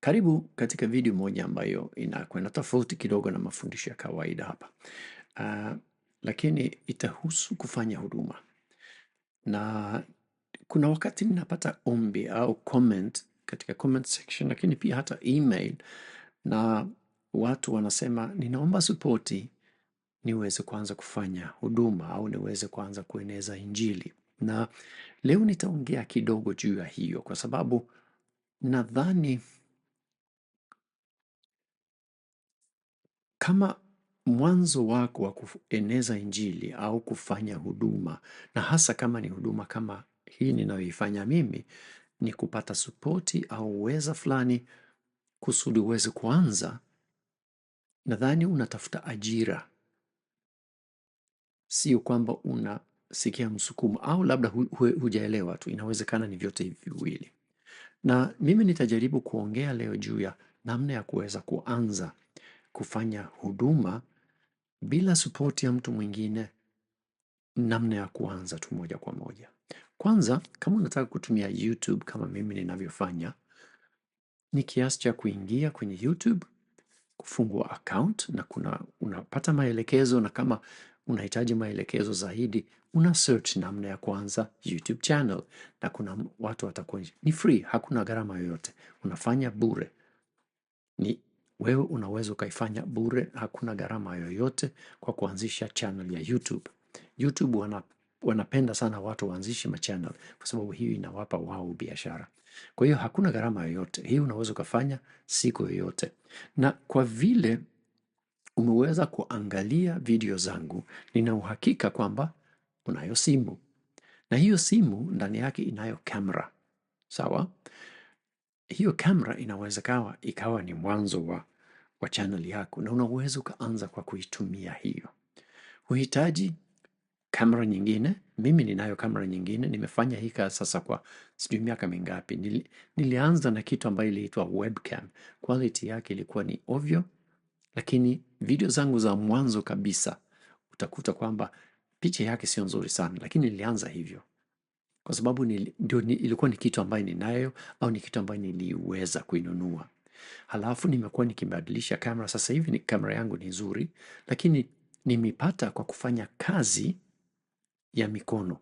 Karibu katika video moja ambayo inakwenda tofauti kidogo na mafundisho ya kawaida hapa. Uh, lakini itahusu kufanya huduma. Na kuna wakati ninapata ombi au comment katika comment section, lakini pia hata email, na watu wanasema ninaomba supporti niweze kuanza kufanya huduma au niweze kuanza kueneza Injili. Na leo nitaongea kidogo juu ya hiyo kwa sababu nadhani kama mwanzo wako wa kueneza Injili au kufanya huduma, na hasa kama ni huduma kama hii ninayoifanya mimi, ni kupata supoti au uweza fulani kusudi uweze kuanza, nadhani unatafuta ajira, sio kwamba unasikia msukumo au labda hu hu hujaelewa tu. Inawezekana ni vyote hivi viwili, na mimi nitajaribu kuongea leo juu ya namna ya kuweza kuanza kufanya huduma bila support ya mtu mwingine, namna ya kuanza tu moja kwa moja. Kwanza, kama unataka kutumia YouTube kama mimi ninavyofanya, ni kiasi cha kuingia kwenye YouTube, kufungua account na kuna unapata maelekezo, na kama unahitaji maelekezo zaidi una search namna ya kuanza YouTube channel, na kuna watu watakuonyesha. Ni free, hakuna gharama yoyote, unafanya bure ni wewe unaweza ukaifanya bure, hakuna gharama yoyote kwa kuanzisha channel ya YouTube. YouTube wana, wanapenda sana watu waanzishe machannel kwa sababu hiyo inawapa wao biashara. Kwa hiyo hakuna gharama yoyote, hii unaweza ukafanya siku yoyote, na kwa vile umeweza kuangalia video zangu, nina uhakika kwamba unayo simu na hiyo simu ndani yake inayo kamera sawa hiyo kamera inaweza kawa ikawa ni mwanzo wa, wa channel yako na unaweza ukaanza kwa kuitumia hiyo. Huhitaji kamera nyingine. Mimi ninayo kamera nyingine, nimefanya hii kazi sasa kwa sijui miaka mingapi. Nili, nilianza na kitu ambayo iliitwa webcam. Quality yake ilikuwa ni ovyo, lakini video zangu za mwanzo kabisa utakuta kwamba picha yake sio nzuri sana, lakini nilianza hivyo kwa sababu ni, ndio ni, ilikuwa ni kitu ambayo ninayo au ni kitu ambayo niliweza kuinunua. Halafu nimekuwa nikibadilisha kamera. Sasa hivi ni kamera yangu ni nzuri, lakini nimepata kwa kufanya kazi ya mikono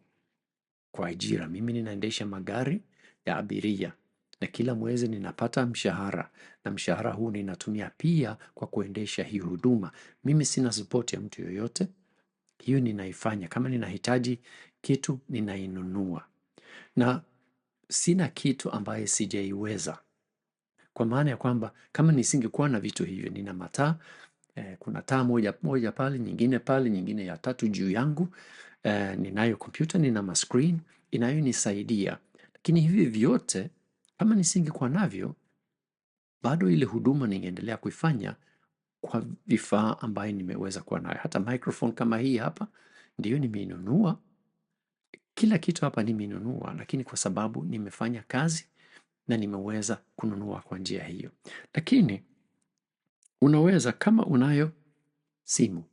kwa ajira. Mimi ninaendesha magari ya abiria na kila mwezi ninapata mshahara, na mshahara huu ninatumia pia kwa kuendesha hii huduma. Mimi sina support ya mtu yoyote, hiyo ninaifanya. Kama ninahitaji kitu ninainunua na sina kitu ambaye sijaiweza, kwa maana ya kwamba kama nisingekuwa na vitu hivyo, nina mataa eh, kuna taa moja moja pale, nyingine pale, nyingine ya tatu juu yangu eh, ninayo kompyuta, nina mascreen inayonisaidia, lakini hivi vyote kama nisingekuwa navyo, bado ile huduma ningeendelea kuifanya kwa vifaa ambayo nimeweza kuwa nayo. Hata microphone kama hii hapa ndiyo nimeinunua kila kitu hapa nimenunua, lakini kwa sababu nimefanya kazi na nimeweza kununua kwa njia hiyo. Lakini unaweza kama unayo simu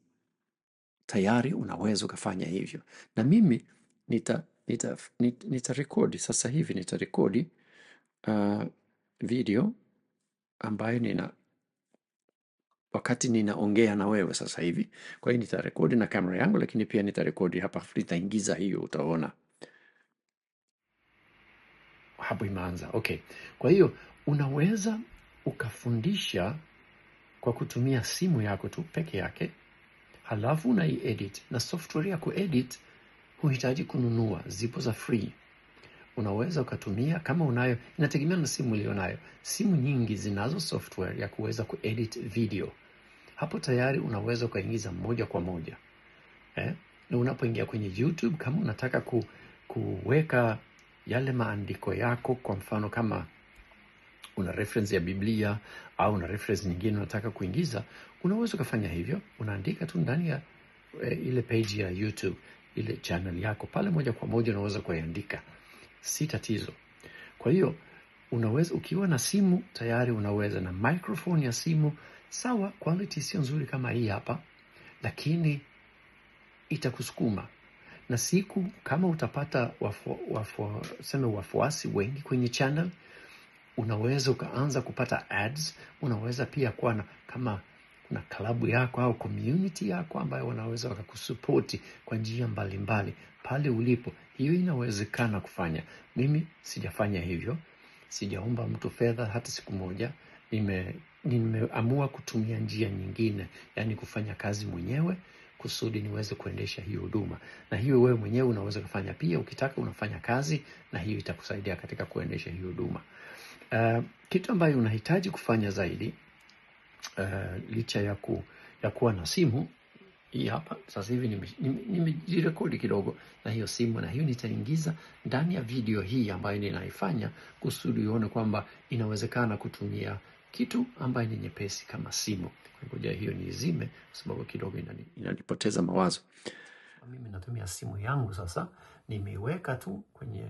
tayari, unaweza ukafanya hivyo, na mimi nita nita, nita, nita sasa hivi nitarekodi uh, video ambayo nina wakati ninaongea na wewe sasa hivi. Kwa hiyo nitarekodi na kamera yangu, lakini pia nitarekodi hapa, nitaingiza hiyo, utaona hapo imeanza. Okay, kwa hiyo unaweza ukafundisha kwa kutumia simu yako tu peke yake, halafu unaiedit na software ya kuedit huhitaji kununua, zipo za free unaweza ukatumia kama unayo, inategemea na simu ulionayo. Simu nyingi zinazo software ya kuweza kuedit video hapo tayari unaweza ukaingiza moja kwa moja eh? Na unapoingia kwenye YouTube kama unataka ku, kuweka yale maandiko yako, kwa mfano kama una reference ya Biblia au una reference nyingine unataka kuingiza, unaweza ukafanya hivyo. Unaandika tu ndani ya e, ile page ya YouTube, ile channel yako pale, moja kwa moja unaweza kuiandika, si tatizo. Kwa hiyo unaweza ukiwa na simu tayari, unaweza na microphone ya simu Sawa, quality sio nzuri kama hii hapa, lakini itakusukuma na siku kama utapata wafu, wafu, seme wafuasi wengi kwenye channel, unaweza ukaanza kupata ads. Unaweza pia kuwa na kama kuna klabu yako au community yako ambayo wanaweza wakakusupoti kwa njia mbalimbali pale ulipo. Hiyo inawezekana kufanya. Mimi sijafanya hivyo, sijaomba mtu fedha hata siku moja, nime nimeamua kutumia njia nyingine, yani kufanya kazi mwenyewe kusudi niweze kuendesha hiyo huduma. Na hiyo wewe mwenyewe unaweza kufanya pia, ukitaka unafanya kazi, na hiyo itakusaidia katika kuendesha hiyo huduma. Uh, kitu ambayo unahitaji kufanya zaidi uh, licha ya, ku, ya kuwa na simu hii hapa sasa hivi nimejirekodi kidogo na hiyo simu, na hiyo nitaingiza ndani ya video hii ambayo ninaifanya kusudi uone kwamba inawezekana kutumia kitu ambayo ni nyepesi kama simu. Ngoja hiyo niizime kwa sababu kidogo inani, inanipoteza mawazo. Mimi natumia simu yangu sasa, nimeiweka tu kwenye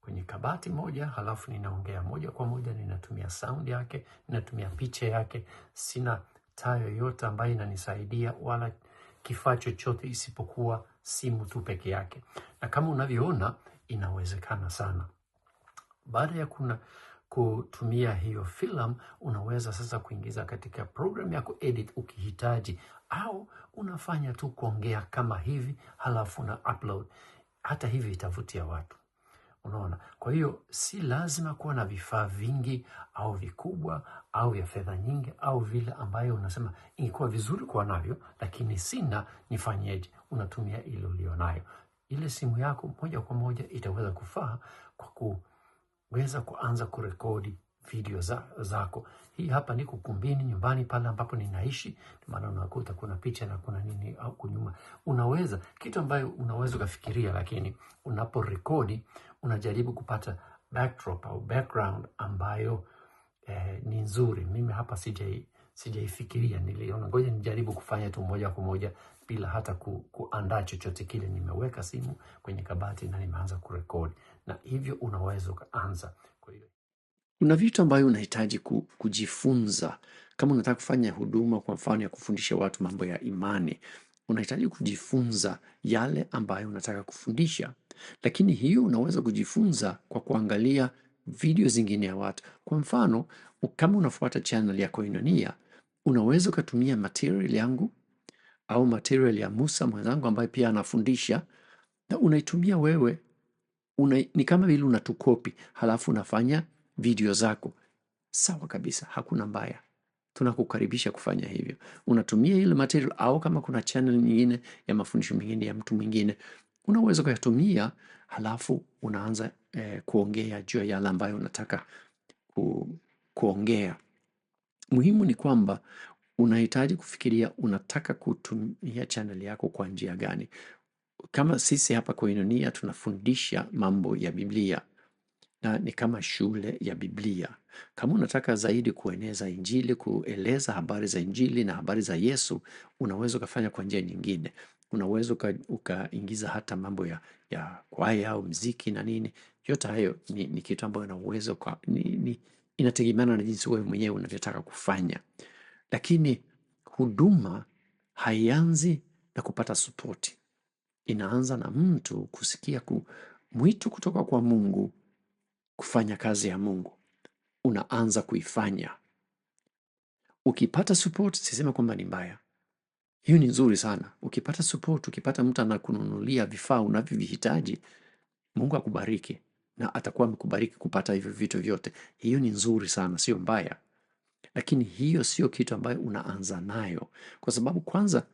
kwenye kabati moja, halafu ninaongea moja kwa moja, ninatumia sound yake, ninatumia picha yake, sina taa yoyote ambayo inanisaidia wala kifaa chochote isipokuwa simu tu peke yake, na kama unavyoona inawezekana sana baada ya kuna kutumia hiyo film unaweza sasa kuingiza katika programu ya kuedit ukihitaji, au unafanya tu kuongea kama hivi, halafu na upload. Hata hivi itavutia watu, unaona. Kwa hiyo si lazima kuwa na vifaa vingi au vikubwa au ya fedha nyingi au vile ambayo unasema ingekuwa vizuri kuwa navyo, lakini sina, nifanyeje? Unatumia ile ulionayo. Ile simu yako moja kwa moja itaweza kufaa kwa ku weza kuanza kurekodi video za, zako. Hii hapa niko kumbini nyumbani pale ambapo ninaishi, maana unakuta kuna picha na kuna nini huko nyuma. Unaweza kitu ambayo unaweza ukafikiria, lakini unaporekodi unajaribu kupata backdrop au background ambayo eh, ni nzuri. Mimi hapa sijai sijaifikiria, niliona ngoja nijaribu kufanya tu moja kwa moja bila hata ku, kuandaa chochote kile. Nimeweka simu kwenye kabati na nimeanza kurekodi na hivyo unaweza ukaanza. Kwa hiyo kuna vitu ambavyo unahitaji kujifunza kama unataka kufanya huduma, kwa mfano ya kufundisha watu mambo ya imani, unahitaji kujifunza yale ambayo unataka kufundisha, lakini hiyo unaweza kujifunza kwa kuangalia video zingine ya watu. Kwa mfano, kama unafuata channel ya Koinonia, unaweza ukatumia material yangu au material ya Musa mwenzangu ambaye pia anafundisha na unaitumia wewe una, ni kama vile unatukopi halafu unafanya video zako. Sawa kabisa, hakuna mbaya, tunakukaribisha kufanya hivyo. Unatumia ile material, au kama kuna channel nyingine ya mafundisho mengine ya mtu mwingine unaweza kuyatumia, halafu unaanza eh, kuongea juu ya yale ambayo unataka ku, kuongea. Muhimu ni kwamba unahitaji kufikiria unataka kutumia channel yako kwa njia gani kama sisi hapa Koinonia tunafundisha mambo ya Biblia na ni kama shule ya Biblia. Kama unataka zaidi kueneza Injili, kueleza habari za Injili na habari za Yesu, unaweza ukafanya kwa njia nyingine. Unaweza ukaingiza hata mambo ya, ya kwaya au mziki na nini. Yote hayo ni, ni kitu ambayo unaweza ni, ni, inategemeana na jinsi wewe mwenyewe unavyotaka kufanya, lakini huduma haianzi na kupata supoti inaanza na mtu kusikia ku, mwitu kutoka kwa Mungu kufanya kazi ya Mungu, unaanza kuifanya. Ukipata support, sisema kwamba ni mbaya, hiyo ni nzuri sana. Ukipata support, ukipata mtu anakununulia vifaa unavyovihitaji, Mungu akubariki na atakuwa amekubariki kupata hivyo vitu vyote. Hiyo ni nzuri sana, sio mbaya, lakini hiyo sio kitu ambayo unaanza nayo, kwa sababu kwanza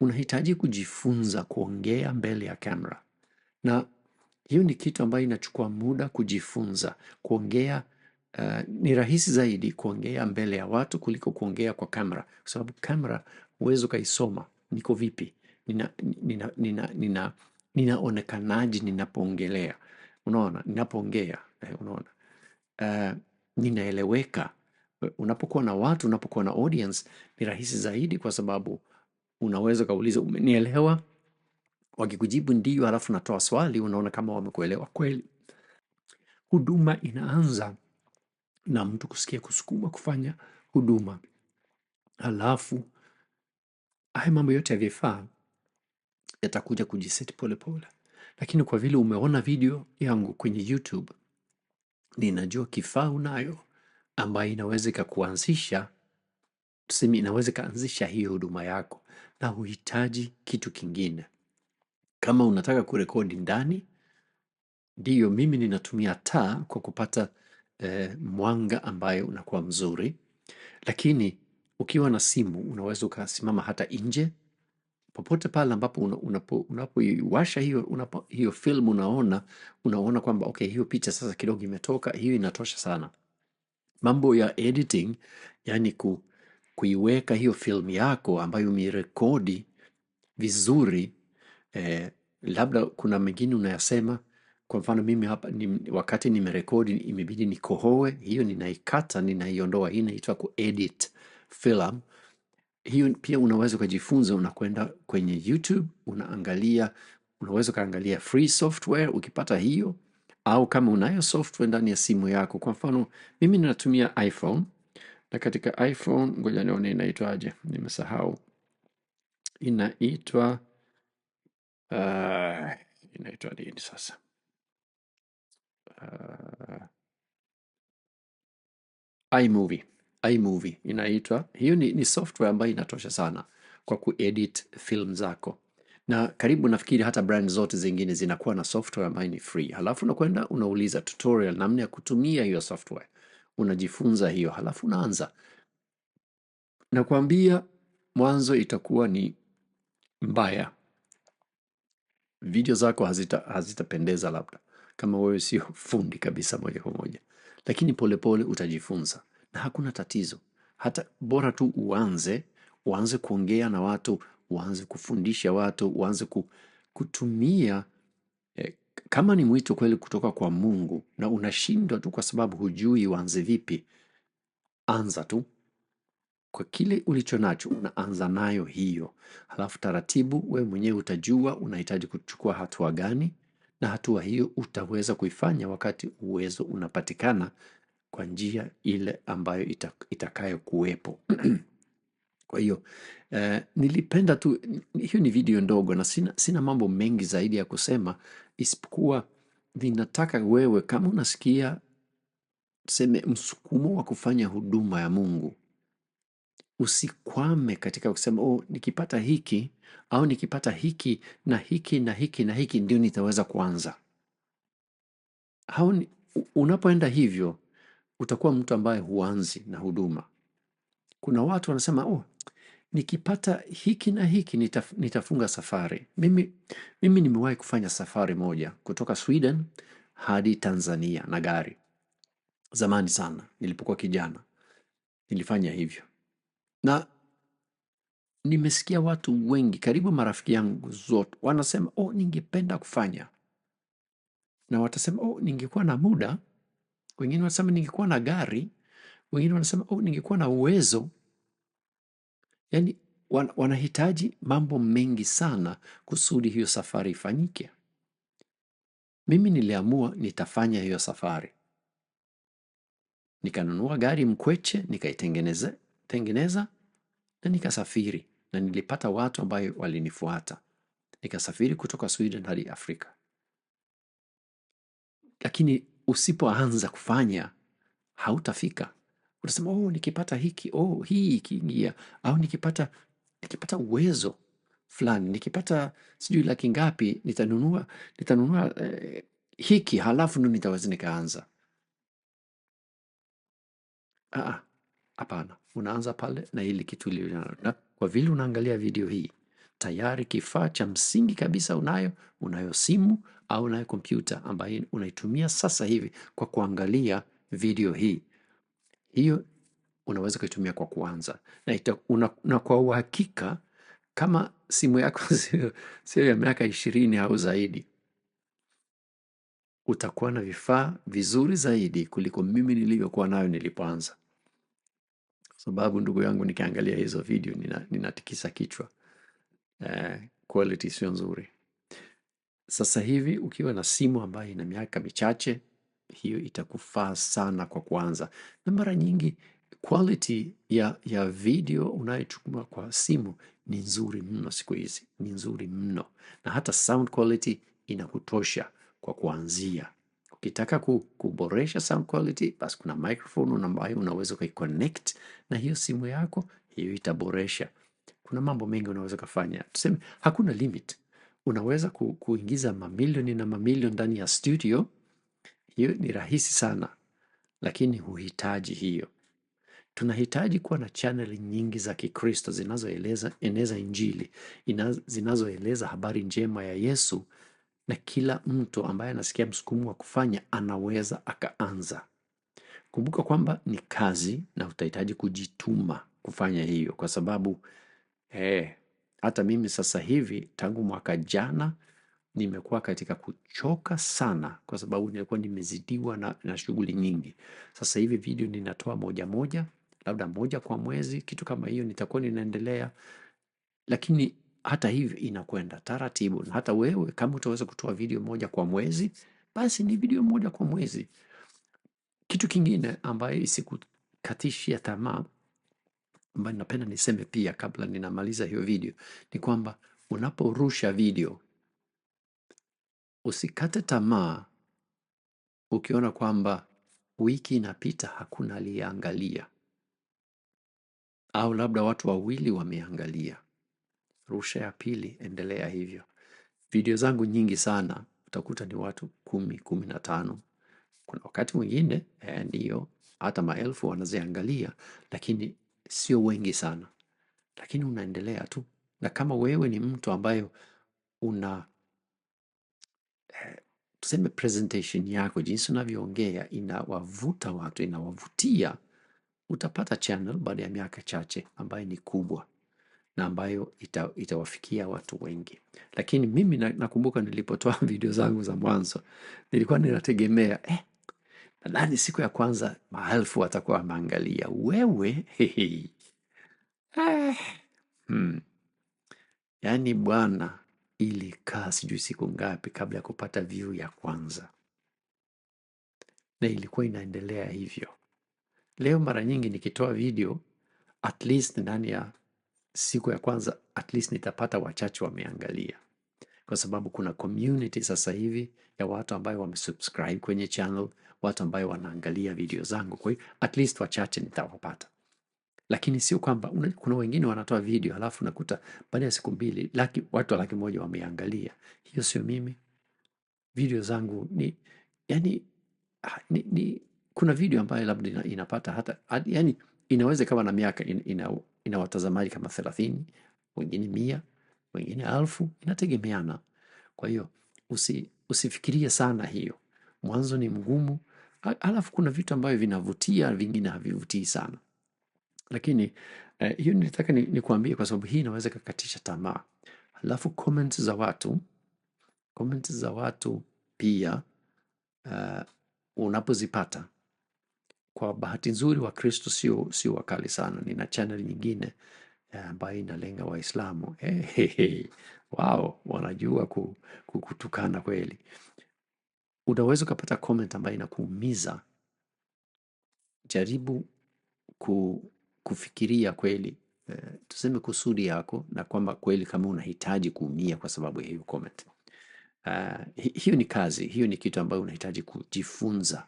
unahitaji kujifunza kuongea mbele ya kamera, na hiyo ni kitu ambayo inachukua muda kujifunza. Kuongea uh, ni rahisi zaidi kuongea mbele ya watu kuliko kuongea kwa kamera, kwa sababu kamera huwezi ukaisoma niko vipi, nina, nina, nina, nina, nina ninapoongelea, unaona, ninapoongea eh, unaona uh, ninaeleweka. Unapokuwa na watu, unapokuwa na audience ni rahisi zaidi kwa sababu unaweza ukauliza umenielewa? Wakikujibu ndiyo, alafu natoa swali, unaona kama wamekuelewa kweli. Huduma inaanza na mtu kusikia kusukuma kufanya huduma, halafu haya mambo yote ya vifaa yatakuja kujiseti polepole, lakini kwa vile umeona video yangu kwenye YouTube, ninajua kifaa unayo ambayo inaweza ikakuanzisha tuseme inaweza ikaanzisha hiyo huduma yako na huhitaji kitu kingine. Kama unataka kurekodi ndani, ndiyo mimi ninatumia taa kwa kupata eh, mwanga ambayo unakuwa mzuri, lakini ukiwa na simu unaweza ukasimama hata nje popote pale ambapo unapoiwasha hiyo, unapo, hiyo film unaona unaona kwamba okay, hiyo picha sasa kidogo imetoka, hiyo inatosha sana. Mambo ya editing yani ku kuiweka hiyo filmu yako ambayo umerekodi vizuri eh, labda kuna mengine unayasema kwa mfano mimi hapa ni, wakati nimerekodi imebidi nikohoe, hiyo ninaikata, ninaiondoa. Hii inaitwa kuedit film. Hiyo pia unaweza ukajifunza, unakwenda kwenye YouTube unaangalia, unaweza ukaangalia free software ukipata hiyo, au kama unayo software ndani ya simu yako. Kwa mfano mimi ninatumia iPhone na katika iphone ngoja nione inaitwaje nimesahau inaitwa uh, inaitwa nini sasa uh, iMovie iMovie inaitwa hiyo ni, ni software ambayo inatosha sana kwa kuedit film zako na karibu nafikiri hata brand zote zingine zinakuwa na software ambayo ni free halafu unakwenda unauliza tutorial namna ya kutumia hiyo software unajifunza hiyo halafu unaanza nakwambia mwanzo itakuwa ni mbaya video zako hazita hazitapendeza labda kama wewe sio fundi kabisa moja kwa moja lakini polepole pole utajifunza na hakuna tatizo hata bora tu uanze uanze kuongea na watu uanze kufundisha watu uanze kutumia kama ni mwito kweli kutoka kwa Mungu na unashindwa tu kwa sababu hujui uanze vipi, anza tu kwa kile ulicho nacho, unaanza nayo hiyo, halafu taratibu wewe mwenyewe utajua unahitaji kuchukua hatua gani, na hatua hiyo utaweza kuifanya wakati uwezo unapatikana kwa njia ile ambayo itakayokuwepo. Kwa hiyo eh, nilipenda tu, hiyo ni video ndogo na sina, sina mambo mengi zaidi ya kusema, isipokuwa ninataka wewe kama unasikia tuseme msukumo wa kufanya huduma ya Mungu usikwame katika kusema oh, nikipata hiki au nikipata hiki na hiki na hiki na hiki ndio nitaweza kuanza. Hau, unapoenda hivyo utakuwa mtu ambaye huanzi na huduma. Kuna watu wanasema oh, nikipata hiki na hiki nitaf, nitafunga safari. Mimi, mimi nimewahi kufanya safari moja kutoka Sweden hadi Tanzania na gari zamani sana, nilipokuwa kijana nilifanya hivyo, na nimesikia watu wengi, karibu marafiki yangu zote wanasema oh, ningependa kufanya, na watasema oh, ningekuwa na muda, wengine wanasema ningekuwa na gari, wengine wanasema oh, ningekuwa na uwezo yani wan, wanahitaji mambo mengi sana kusudi hiyo safari ifanyike. Mimi niliamua nitafanya hiyo safari, nikanunua gari mkweche, nikaitengeneza na nikasafiri, na nilipata watu ambayo walinifuata. Nikasafiri kutoka Sweden hadi Afrika. Lakini usipoanza kufanya hautafika unasema oh, nikipata hiki oh, hii ikiingia au nikipata nikipata uwezo fulani nikipata sijui laki ngapi nitanunua nitanunua eh, hiki halafu ndo nitaweza nikaanza ah, ah, hapana unaanza pale na hili kitu na kwa vile unaangalia video hii tayari kifaa cha msingi kabisa unayo unayo simu au unayo kompyuta ambayo unaitumia sasa hivi kwa kuangalia video hii hiyo unaweza kuitumia kwa kuanza na, ita, una, na kwa uhakika kama simu yako sio ya miaka ishirini au zaidi, utakuwa na vifaa vizuri zaidi kuliko mimi nilivyokuwa nayo nilipoanza, kwa sababu ndugu yangu, nikiangalia hizo video ninatikisa nina kichwa eh, quality sio nzuri. Sasa hivi ukiwa na simu ambayo ina miaka michache hiyo itakufaa sana kwa kwanza na mara nyingi quality ya, ya video unayochukua kwa simu ni nzuri mno siku hizi ni nzuri mno na hata sound quality inakutosha kwa kuanzia ukitaka kuboresha sound quality basi kuna microphone ambayo unaweza ukaiconnect na hiyo simu yako hiyo itaboresha kuna mambo mengi unaweza ukafanya tuseme hakuna limit unaweza ku, kuingiza mamilioni na mamilioni ndani ya studio hiyo ni rahisi sana, lakini huhitaji hiyo. Tunahitaji kuwa na chaneli nyingi za Kikristo zinazoeleza eneza Injili, zinazoeleza habari njema ya Yesu, na kila mtu ambaye anasikia msukumo wa kufanya anaweza akaanza. Kumbuka kwamba ni kazi na utahitaji kujituma kufanya hiyo, kwa sababu eh, hata mimi sasa hivi tangu mwaka jana nimekuwa katika kuchoka sana, kwa sababu nilikuwa nimezidiwa na, na shughuli nyingi. Sasa hivi video ninatoa moja moja, labda moja kwa mwezi, kitu kama hiyo, nitakuwa ninaendelea, lakini hata hivyo inakwenda taratibu, na hata wewe kama utaweza kutoa video moja kwa mwezi, basi ni video moja kwa mwezi. Kitu kingine ambayo isikukatishia tamaa ambayo napenda niseme pia kabla ninamaliza hiyo video ni kwamba unaporusha video usikate tamaa ukiona kwamba wiki inapita hakuna aliyeangalia au labda watu wawili wameangalia rusha ya pili endelea hivyo video zangu nyingi sana utakuta ni watu kumi kumi na tano kuna wakati mwingine eh, ndiyo hata maelfu wanaziangalia lakini sio wengi sana lakini unaendelea tu na kama wewe ni mtu ambayo una tuseme presentation yako, jinsi unavyoongea inawavuta watu, inawavutia, utapata channel baada ya miaka chache ambayo ni kubwa na ambayo ita, itawafikia watu wengi. Lakini mimi na, nakumbuka nilipotoa video zangu za mwanzo nilikuwa ninategemea eh, nadhani siku ya kwanza maelfu watakuwa wameangalia wewe Eh, hmm. Yani bwana ilikaa sijui siku ngapi kabla ya kupata view ya kwanza, na ilikuwa inaendelea hivyo. Leo mara nyingi nikitoa video at least ndani ya siku ya kwanza at least nitapata wachache wameangalia, kwa sababu kuna community sasa hivi ya watu ambayo wamesubscribe kwenye channel, watu ambayo wanaangalia video zangu. Kwa hiyo at least wachache nitawapata lakini sio kwamba kuna wengine wanatoa video alafu nakuta baada ya siku mbili laki, watu wa laki moja wameangalia. Hiyo sio mimi. Video zangu ni yani, ni, ni, kuna video ambayo labda ina, inapata hata ad, yani inaweza kama na miaka in, ina, ina watazamaji kama thelathini, wengine mia, wengine alfu, inategemeana. Kwa hiyo usi, usifikirie sana hiyo, mwanzo ni mgumu, alafu kuna vitu ambavyo vinavutia, vingine havivutii sana. Lakini eh, hiyo eh, nilitaka nikuambie ni kwa sababu hii inaweza ikakatisha tamaa. alafu comments za watu, comments za watu pia uh, unapozipata kwa bahati nzuri Wakristo sio sio wakali sana. Nina channel nyingine eh, ambayo uh, inalenga Waislamu. Hey, hey, hey. Wao wanajua kukutukana kweli. Unaweza ukapata comment ambayo inakuumiza. Jaribu ku, kufikiria kweli eh, tuseme kusudi yako na kwamba kweli kama unahitaji kuumia kwa sababu ya hiyo comment. Uh, hiyo ni kazi, hiyo ni kitu ambayo unahitaji kujifunza.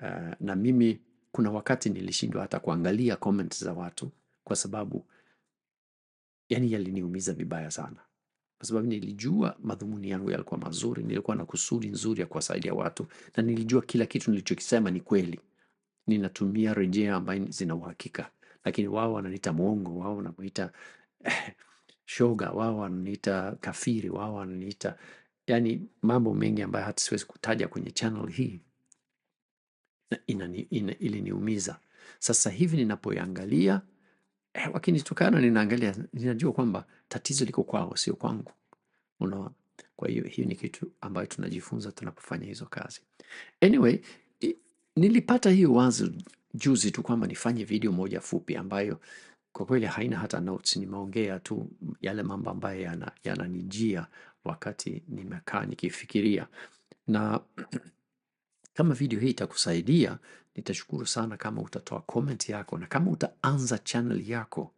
Uh, na mimi kuna wakati nilishindwa hata kuangalia comment za watu kwa sababu yani yaliniumiza vibaya sana, kwa sababu nilijua madhumuni yangu yalikuwa mazuri, nilikuwa na kusudi nzuri ya kuwasaidia watu na nilijua kila kitu nilichokisema ni kweli, ninatumia rejea ambayo zina uhakika lakini wao wananiita mwongo, wao wanamuita eh, shoga, wao wananiita kafiri, wao wananiita yani mambo mengi ambayo hata siwezi kutaja kwenye channel hii na ina, iliniumiza. Sasa hivi ninapoiangalia eh, wakinitukana ninaangalia, ninajua kwamba tatizo liko kwao, sio kwangu. Unaona? Kwa hiyo hiyo ni kitu ambayo tunajifunza tunapofanya hizo kazi. Anyway, nilipata hiyo wazo juzi tu kwamba nifanye video moja fupi ambayo kwa kweli haina hata notes, nimeongea tu yale mambo ambayo yananijia yana wakati nimekaa nikifikiria, na kama video hii itakusaidia, nitashukuru sana kama utatoa comment yako na kama utaanza channel yako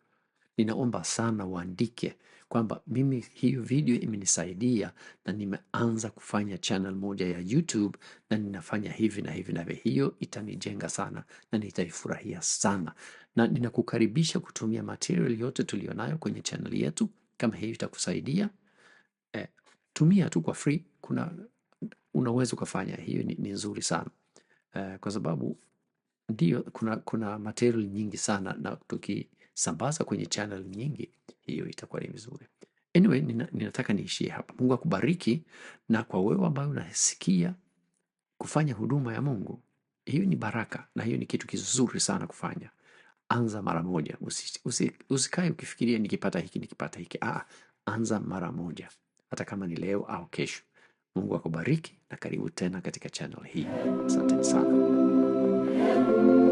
ninaomba sana waandike kwamba mimi hiyo video imenisaidia na nimeanza kufanya channel moja ya YouTube na ninafanya hivi na hivi na hivi. Hiyo itanijenga sana na nitaifurahia sana, na ninakukaribisha kutumia material yote tulionayo kwenye channel yetu. Kama hiyo itakusaidia eh, tumia tu kwa free. Kuna unaweza ukafanya hiyo, ni, ni nzuri sana eh, kwa sababu ndio kuna, kuna material nyingi sana na tuki sambaza kwenye channel nyingi, hiyo itakuwa ni vizuri. Anyway, nina, ninataka niishie hapa. Mungu akubariki, na kwa wewe ambayo unasikia kufanya huduma ya Mungu, hiyo ni baraka na hiyo ni kitu kizuri sana kufanya. Anza mara moja, usikae usi, ukifikiria nikipata hiki nikipata hiki. Ah, ah, anza mara moja, hata kama ni leo au kesho. Mungu akubariki na karibu tena katika channel hii. Asante sana.